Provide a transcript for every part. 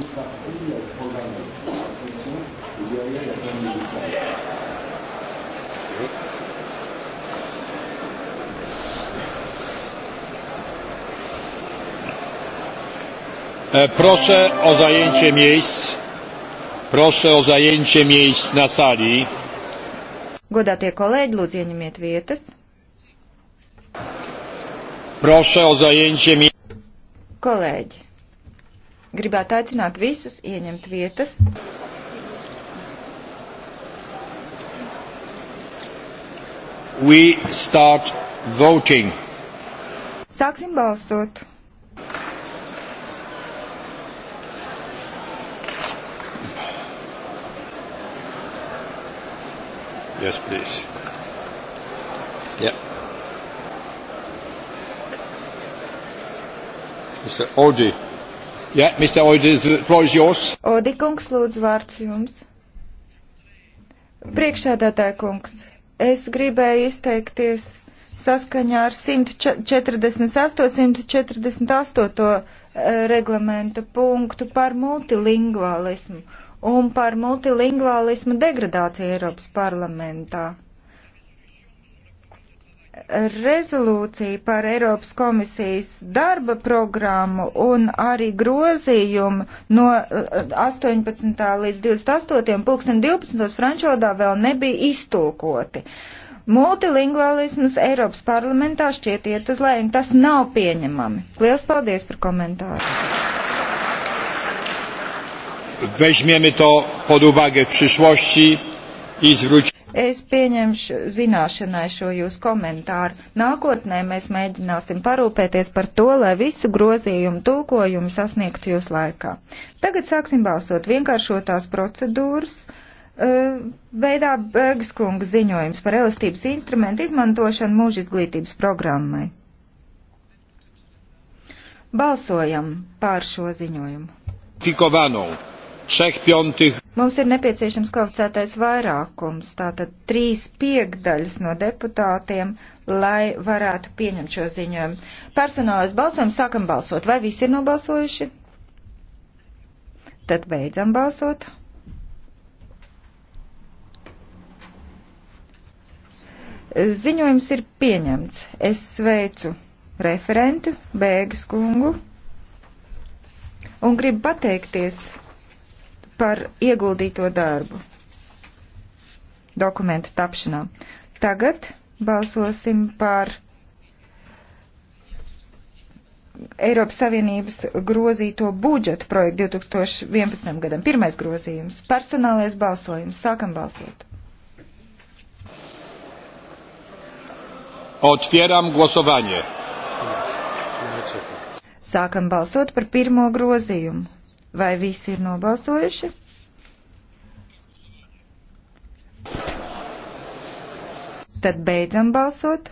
une partie programmée en fonction et derrière la plan militaire. Oui. Proszę o zajęcie miejsc. Proszę o zajęcie miejsc na sali. Godātie kolēģi, lūdzu ieņemiet vietas. Proszę o zajęcie miejsc. Kolēģi, Gribētu aicināt visus ieņemt vietas. We start voting. Sāksim balsot. Yes, please. Yeah. Mr. Audi. Yeah, Mr. Oidi, the floor is yours. Odi kungs, lūdzu, vārds jums. Priekšsēdētāja kungs, es gribēju izteikties saskaņā ar 148, 148 eh, reglamenta punktu par multilingvālismu un par multilingvālismu degradāciju Eiropas parlamentā rezolūcija par Eiropas komisijas darba programmu un arī grozījumu no 18. Eh, līdz 28. pulksten 12. frančodā vēl nebija iztūkoti. Multilingvālisms Eiropas parlamentā šķiet iet uz lējumu. Tas nav pieņemami. Lielas paldies par komentāru. Weźmiemy to pod uwagę w przyszłości i zwrócimy. Es pieņemšu zināšanai šo jūsu komentāru. Nākotnē mēs mēģināsim parūpēties par to, lai visu grozījumu tulkojumu sasniegtu jūs laikā. Tagad sāksim balsot vienkāršotās procedūras. Veidā Bergskunga ziņojums par elastības instrumentu izmantošanu mūža izglītības programmai. Balsojam pār šo ziņojumu. Fikovano. Mums ir nepieciešams kvalificētais vairākums, tātad trīs piekdaļas no deputātiem, lai varētu pieņemt šo ziņojumu. Personālais balsojums sākam balsot. Vai visi ir nobalsojuši? Tad beidzam balsot. Ziņojums ir pieņemts. Es sveicu referentu Bēgas kungu un gribu pateikties par ieguldīto darbu dokumenta tapšanā. Tagad balsosim par Eiropas Savienības grozīto budžetu projektu 2011. gadam. Pirmais grozījums - personālais balsojums. Sākam balsot. Otvieram głosowanie. Sākam balsot par pirmo grozījumu. Vai visi ir nobalsojuši? Tad beidzam balsot.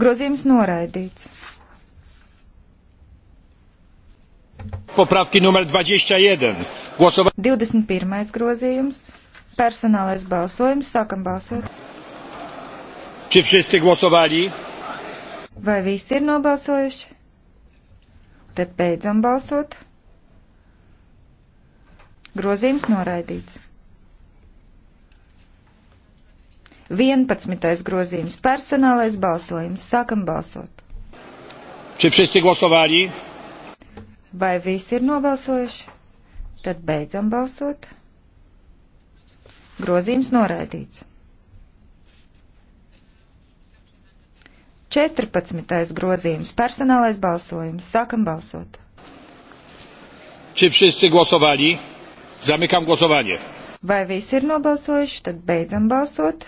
Grozījums noraidīts. Poprawki numer 21. Głosova... 21. grozījums. Personālais balsojums. Sākam balsot. Czy wszyscy głosowali? Vai visi ir nobalsojuši? Tad beidzam balsot. Grozījums noraidīts. 11. grozījums - personālais balsojums. Sākam balsot. Vai visi ir nobalsojuši? Tad beidzam balsot. Grozījums noraidīts. 14. grozījums - personālais balsojums. Sākam balsot. Czy wszyscy głosowali? Zamykam głosowanie. Vai visi ir nobalsojuši, tad beidzam balsot.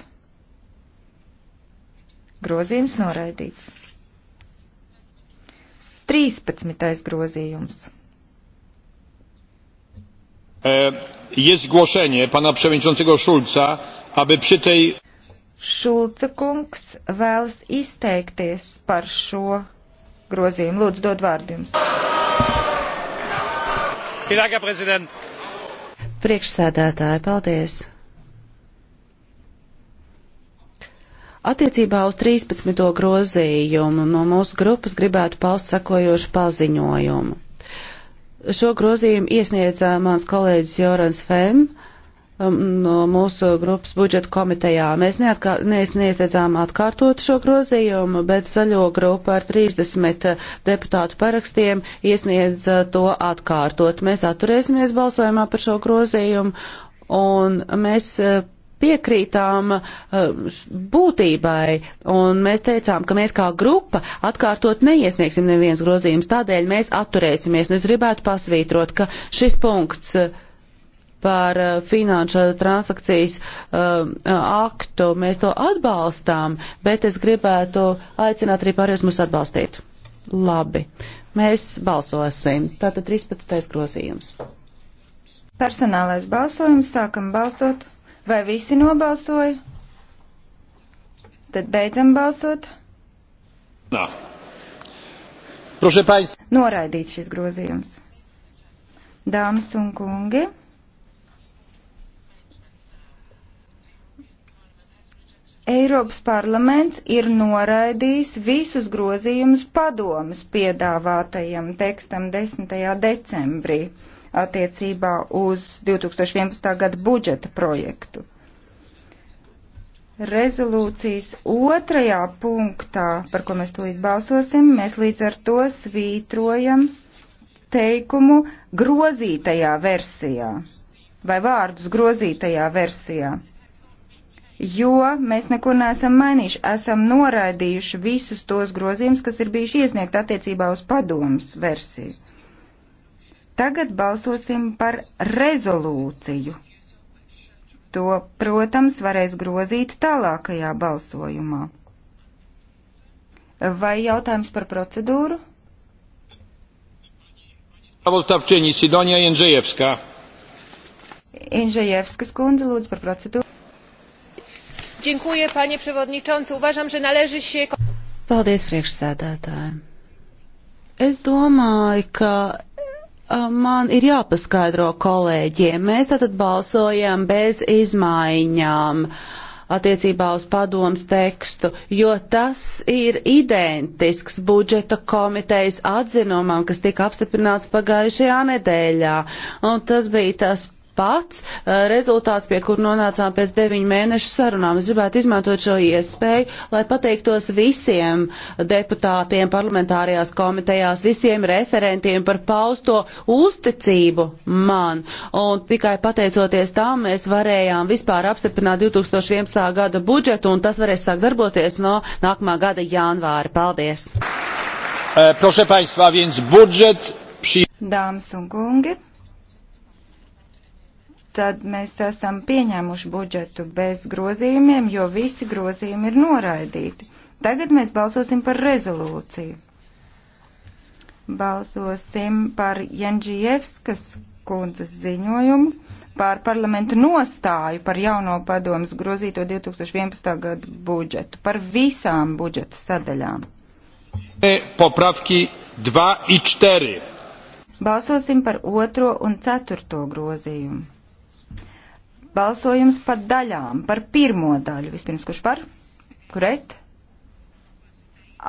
Grozījums noraidīts. 13. grozījums. E, jest zgłoszenie pana przewodniczącego Schulza, aby przy tej Šulca kungs vēlas izteikties par šo grozījumu. Lūdzu, dod vārdu jums. Priekšsēdētāji, paldies. Attiecībā uz 13. grozījumu no mūsu grupas gribētu paust sakojošu paziņojumu. Šo grozījumu iesniedz mans kolēģis Jorans Fems Um, no mūsu grupas budžeta komitejā. Mēs neiesniedzām atkārtot šo grozījumu, bet zaļo grupa ar 30 uh, deputātu parakstiem iesniedz uh, to atkārtot. Mēs atturēsimies balsojumā par šo grozījumu un mēs uh, piekrītām būtībai, un mēs teicām, ka mēs kā grupa atkārtot neiesniegsim neviens grozījums, tādēļ mēs atturēsimies. Un es gribētu pasvītrot, ka šis punkts par eh, finanšu transakcijas uh, aktu. Mēs to atbalstām, bet es gribētu aicināt arī pārējos mūs atbalstīt. Labi. Mēs balsosim. Tātad 13. grozījums. Personālais balsojums. Sākam balsot. Vai visi nobalsoja? Tad beidzam balsot. Nā. Prošēpājs. Noraidīt šis grozījums. Dāmas un kungi. Eiropas parlaments ir noraidījis visus grozījumus padomas piedāvātajam tekstam 10. decembrī attiecībā uz 2011. gada budžeta projektu. Rezolūcijas otrajā punktā, par ko mēs tūlīt balsosim, mēs līdz ar to svītrojam teikumu grozītajā versijā vai vārdus grozītajā versijā jo mēs neko neesam mainījuši. Esam noraidījuši visus tos grozījumus, kas ir bijuši iesniegt attiecībā uz padomas versiju. Tagad balsosim par rezolūciju. To, protams, varēs grozīt tālākajā balsojumā. Vai jautājums par procedūru? Sprawozdawczyni Sidonia Jędrzejewska. Jędrzejewska skundze, lūdzu par procedūru. Dziękuję, panie przewodniczący. Uważam, że należy się. Paldies, priekšsēdētāji. Es domāju, ka man ir jāpaskaidro kolēģiem. Mēs tātad balsojam bez izmaiņām attiecībā uz padomas tekstu, jo tas ir identisks budžeta komitejas atzinumam, kas tika apstiprināts pagājušajā nedēļā. Un tas bija tas pats eh, rezultāts, pie kur nonācām pēc deviņu mēnešu sarunām. Es gribētu izmantot šo iespēju, lai pateiktos visiem deputātiem, parlamentārajās komitejās, visiem referentiem par pausto uzticību man. Un tikai pateicoties tam, mēs varējām vispār apstiprināt 2011. gada budžetu, un tas varēs sākt darboties no nākamā gada janvāra. Paldies! Eh, proszę Państwa, więc budżet przy... Dāmas un kungi, tad mēs esam pieņēmuši budžetu bez grozījumiem, jo visi grozījumi ir noraidīti. Tagad mēs balsosim par rezolūciju. Balsosim par Jenģievskas kundzes ziņojumu par parlamentu nostāju par jauno padomas grozīto 2011. gadu budžetu, par visām budžeta sadaļām. Popravki 2 i 4. Balsosim par otro un ceturto grozījumu. Balsojums pa daļām par pirmo daļu. Vispirms, kurš par? Kuret?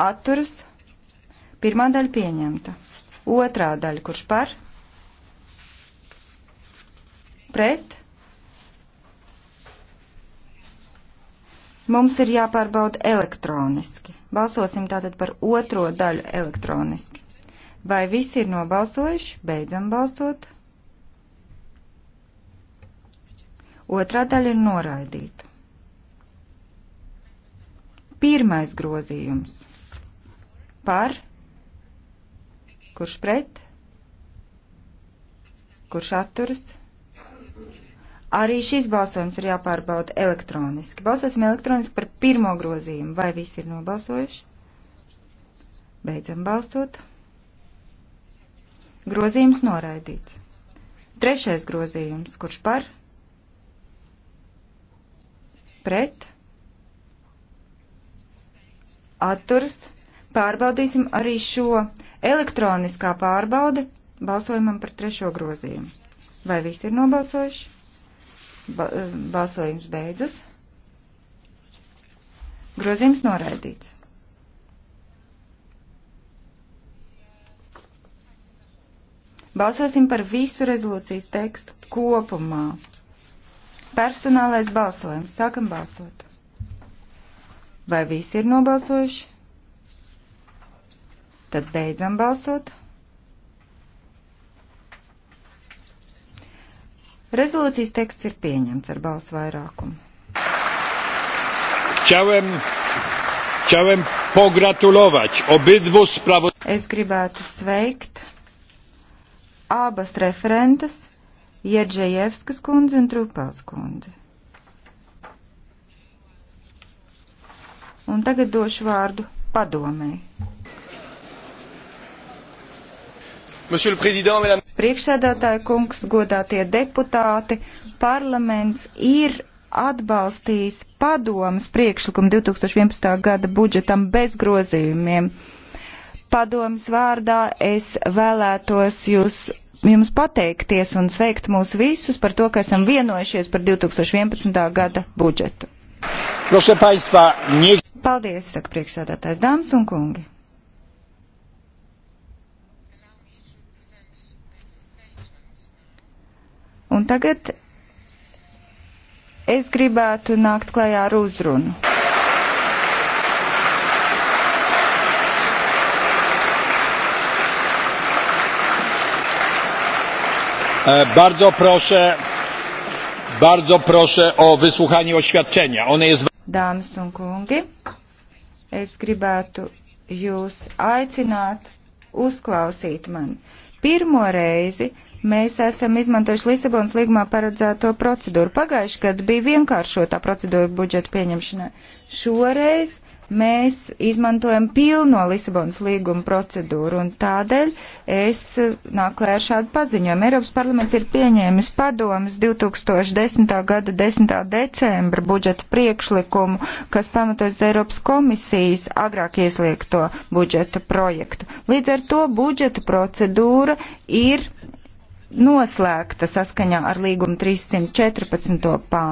Atturas? Pirmā daļa pieņemta. Otrā daļa, kurš par? Pret? Mums ir jāpārbauda elektroniski. Balsosim tātad par otro daļu elektroniski. Vai visi ir nobalsojuši? Beidzam balsot. Otrā daļa ir noraidīta. Pirmais grozījums par, kurš pret, kurš atturas. Arī šis balsojums ir jāpārbauda elektroniski. Balsosim elektroniski par pirmo grozījumu. Vai visi ir nobalsojuši? Beidzam balsot. Grozījums noraidīts. Trešais grozījums, kurš par? pret, atturs. Pārbaudīsim arī šo elektroniskā pārbaude balsojumam par trešo grozījumu. Vai visi ir nobalsojuši? Ba eh, balsojums beidzas. Grozījums noraidīts. Balsosim par visu rezolūcijas tekstu kopumā. Personālais balsojums. Sākam balsot. Vai visi ir nobalsojuši? Tad beidzam balsot. Rezolūcijas teksts ir pieņemts ar balsu vairākumu. Chciałem, chciałem pogratulować obydwu sprawozdawców. Es gribētu sveikt abas referentes Jedžejevskas kundze un Trupels kundze. Un tagad došu vārdu padomēji. Madame... Priekšsēdētāja kungs, godātie deputāti, parlaments ir atbalstījis padomas priekšlikumu 2011. gada budžetam bez grozījumiem padomas vārdā es vēlētos jūs jums pateikties un sveikt mūs visus par to, ka esam vienojušies par 2011. gada budžetu. Proszę Państwa, nie... Paldies, saka priekšsādātājs dāmas un kungi. Un tagad es gribētu nākt klajā ar uzrunu. E, bardzo proszę, bardzo proszę o wysłuchanie oświadczenia. One jest... Dāmas un kungi, es gribētu jūs aicināt uzklausīt mani. Pirmo reizi Mēs esam izmantojuši Lisabonas līgumā paredzēto procedūru. Pagājuši gadu bija vienkāršotā procedūra budžeta pieņemšanai. Šoreiz mēs izmantojam pilno Lisabonas līguma procedūru, un tādēļ es nāklēju ar šādu paziņojumu. Eiropas parlaments ir pieņēmis padomas 2010. gada 10. decembra budžeta priekšlikumu, kas pamatojas Eiropas komisijas agrāk iesliegto budžeta projektu. Līdz ar to budžeta procedūra ir noslēgta saskaņā ar līgumu 314. pāntu.